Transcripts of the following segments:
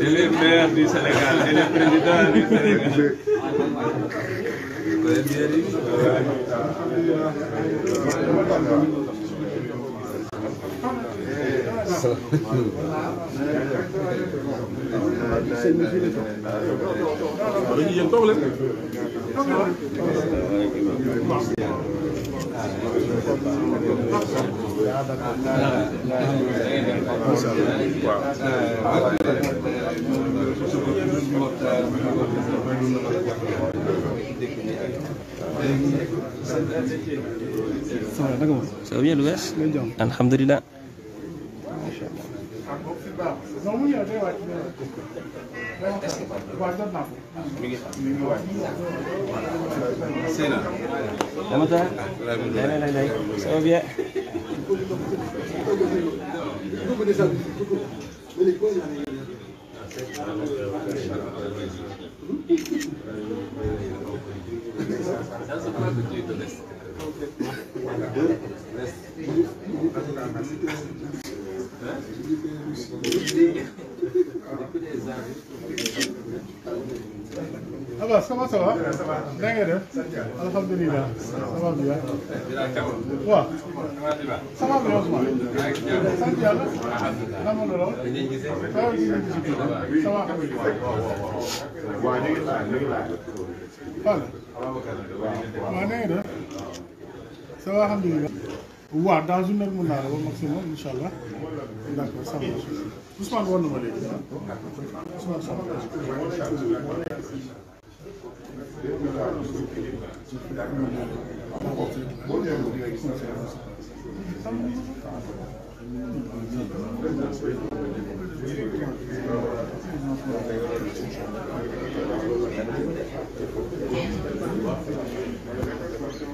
Ele é merda, isso é legal. Ele é presidente, isso é legal. Ça va bien l'OS Alhamdulillah. est-ce que mi ngi mi ngi Abbas Allah sama sama. Ne gelir? Alhamdulillah. Tamam ya. Wa. Tamam ya Osman. Sen de alın. Tamam olur oğlum. Tamam. Vale. Wa ne gelir? Tamam alhamdulillah. Wa daha zunnar bunlar. Bu maksimum inşallah. Dakika sağ olun. u s m a n woon na ma l e g Ousmane sama p o é i n t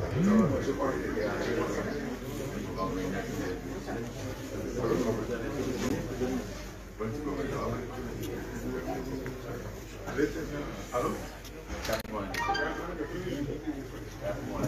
Hello? Good morning. Good morning.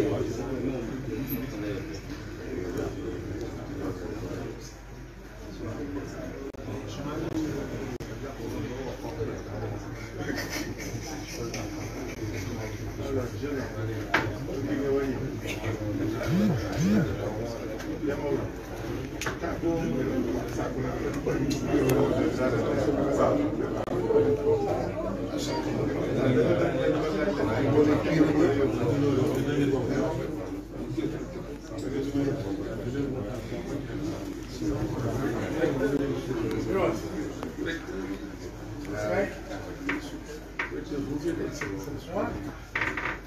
Right?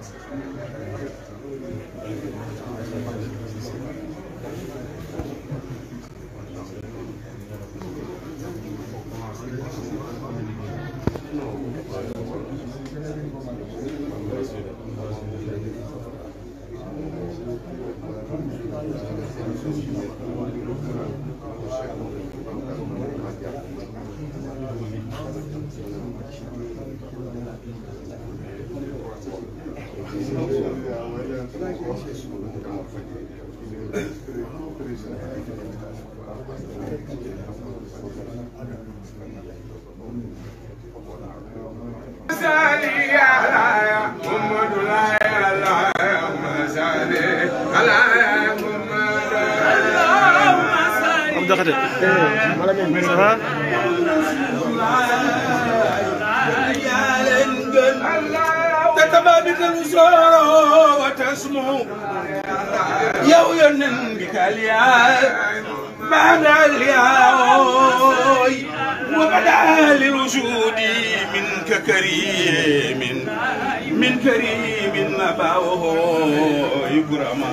Thank you. فترة تتبادل الوصال وتسمو يوم بك الياء بعد الياء وبدا للوجود منك كريم من كريم نباه يكرما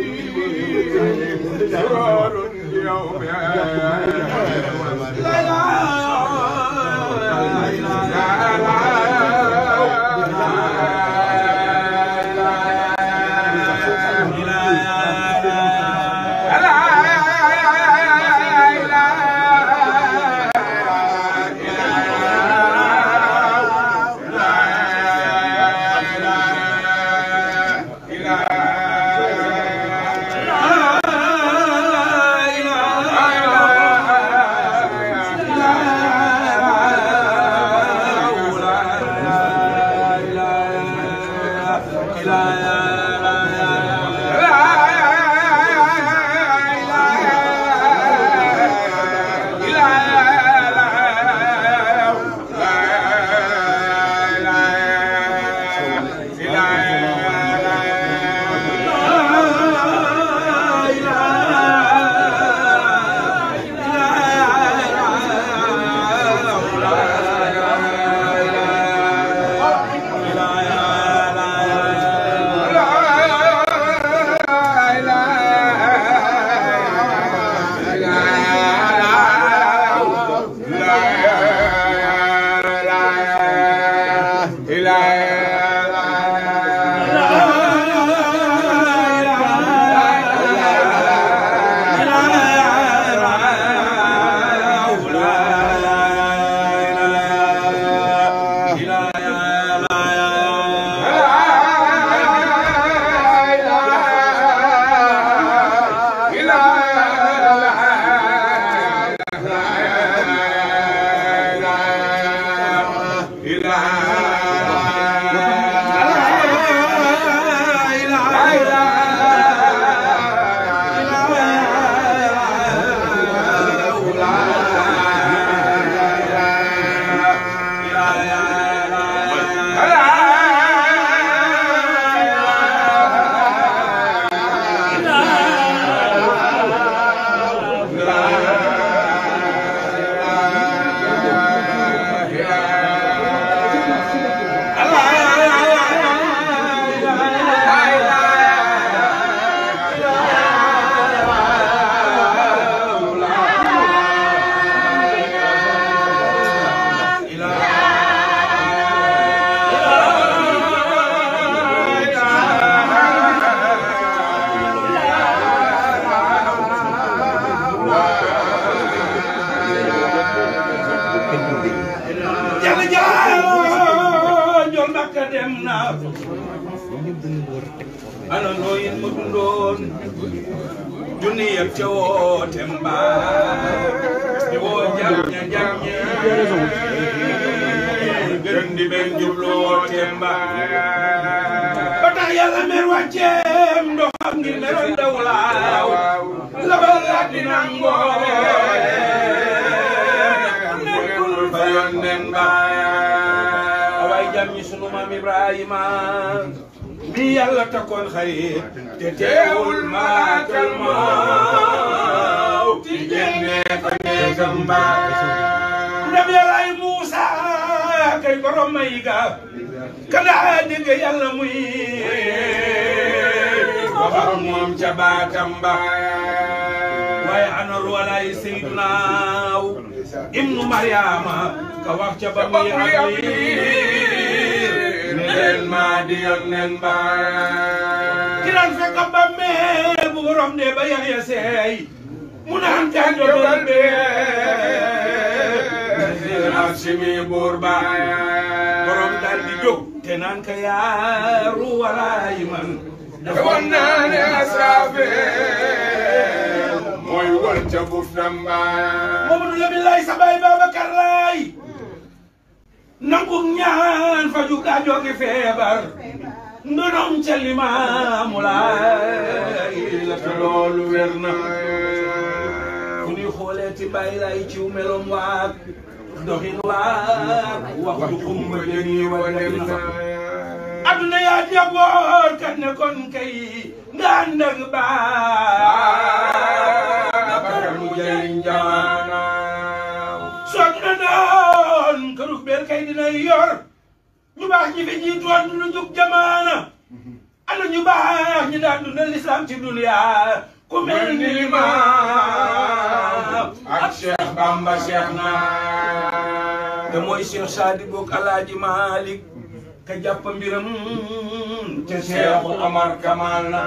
سرور يوم لا لا لا لا Eli dundoon junni yëpp ca woote mbaar di woo jam ña jam ñi gën di benn jublu woote mbaar ba tax yàlla mer wàcceem ndoxam ngir leral daw laaw labal laa di nangoo nekkul fa yoon nen mbaar waaye jam ñi sunu maam Ibrahima bi yàlla takkoon xarit te teewul malaakal maaw ci génnee ko néegam mbaa ndam yàllaay Muusa kay borom may gaaf kada dégg yàlla muy waxam moom ca baatam ba waaye anor walaay seydunaaw ibnu Mariama ka wax ca ba muy am leen maa di ak nen baay ki daan fekk ba mee bu borom ne ba yax ya seey mu naan jaan jo doon bee seen ak simi buur baay borom daal di jóg te naan ka yaaru walaay man dafa wan naa ne asaafe mooy wal ca buf nam baay nangu ñaan faju daa jóge feebar ndonom ca limaamu laay la te loolu na fu xoolee ti bàyyi lay ciw melom waag doxin waag waxtu xumba jëni wa dem na aduna yaa jaboor kan ne kon kay nga ànd ak lay ku mel ni limaam ak mooy Cheikh Saadi boog Alaaji Malik ka jàpp ca Cheikhu Omar Kamal na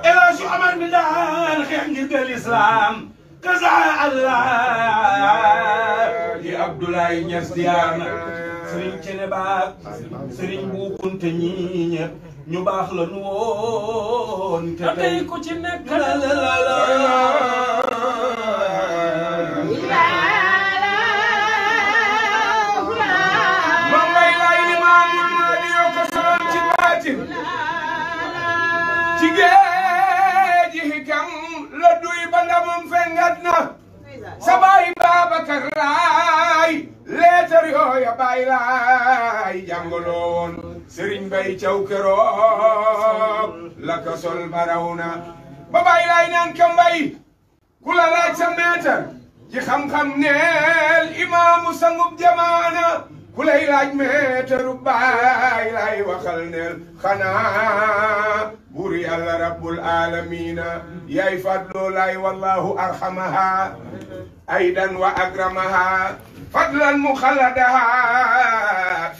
elaasu Omar bi daan xeex ngir del islaam ka saa Allah Abdoulaye Niass ziyaar na sëriñ Cene Baat sëriñ Buukunte ñii ñëpp ñu baax la nu woon te tey ku ci nekk la la la Sabari Babakar leetar yooya bàyyi laay jàngaloo woon sëriñ bay caw la ko sol ba bàyyi laay naan ka ku la laaj sa meetar ji xam-xam neel imaamu sangub jamaana ku lay laaj meetaru bàyyi laay waxal neel xanaa buur yàlla rabbul aalamiina yaay fadloo laay wallahu arhamaha aydan wa akramaha فضلا مخلدا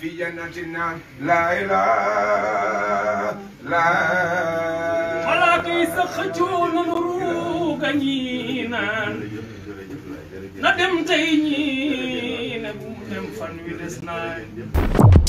في جنتنا لا إله لا ملاكي سخجون نروغنينا ندم تيني نقوم دم فنوي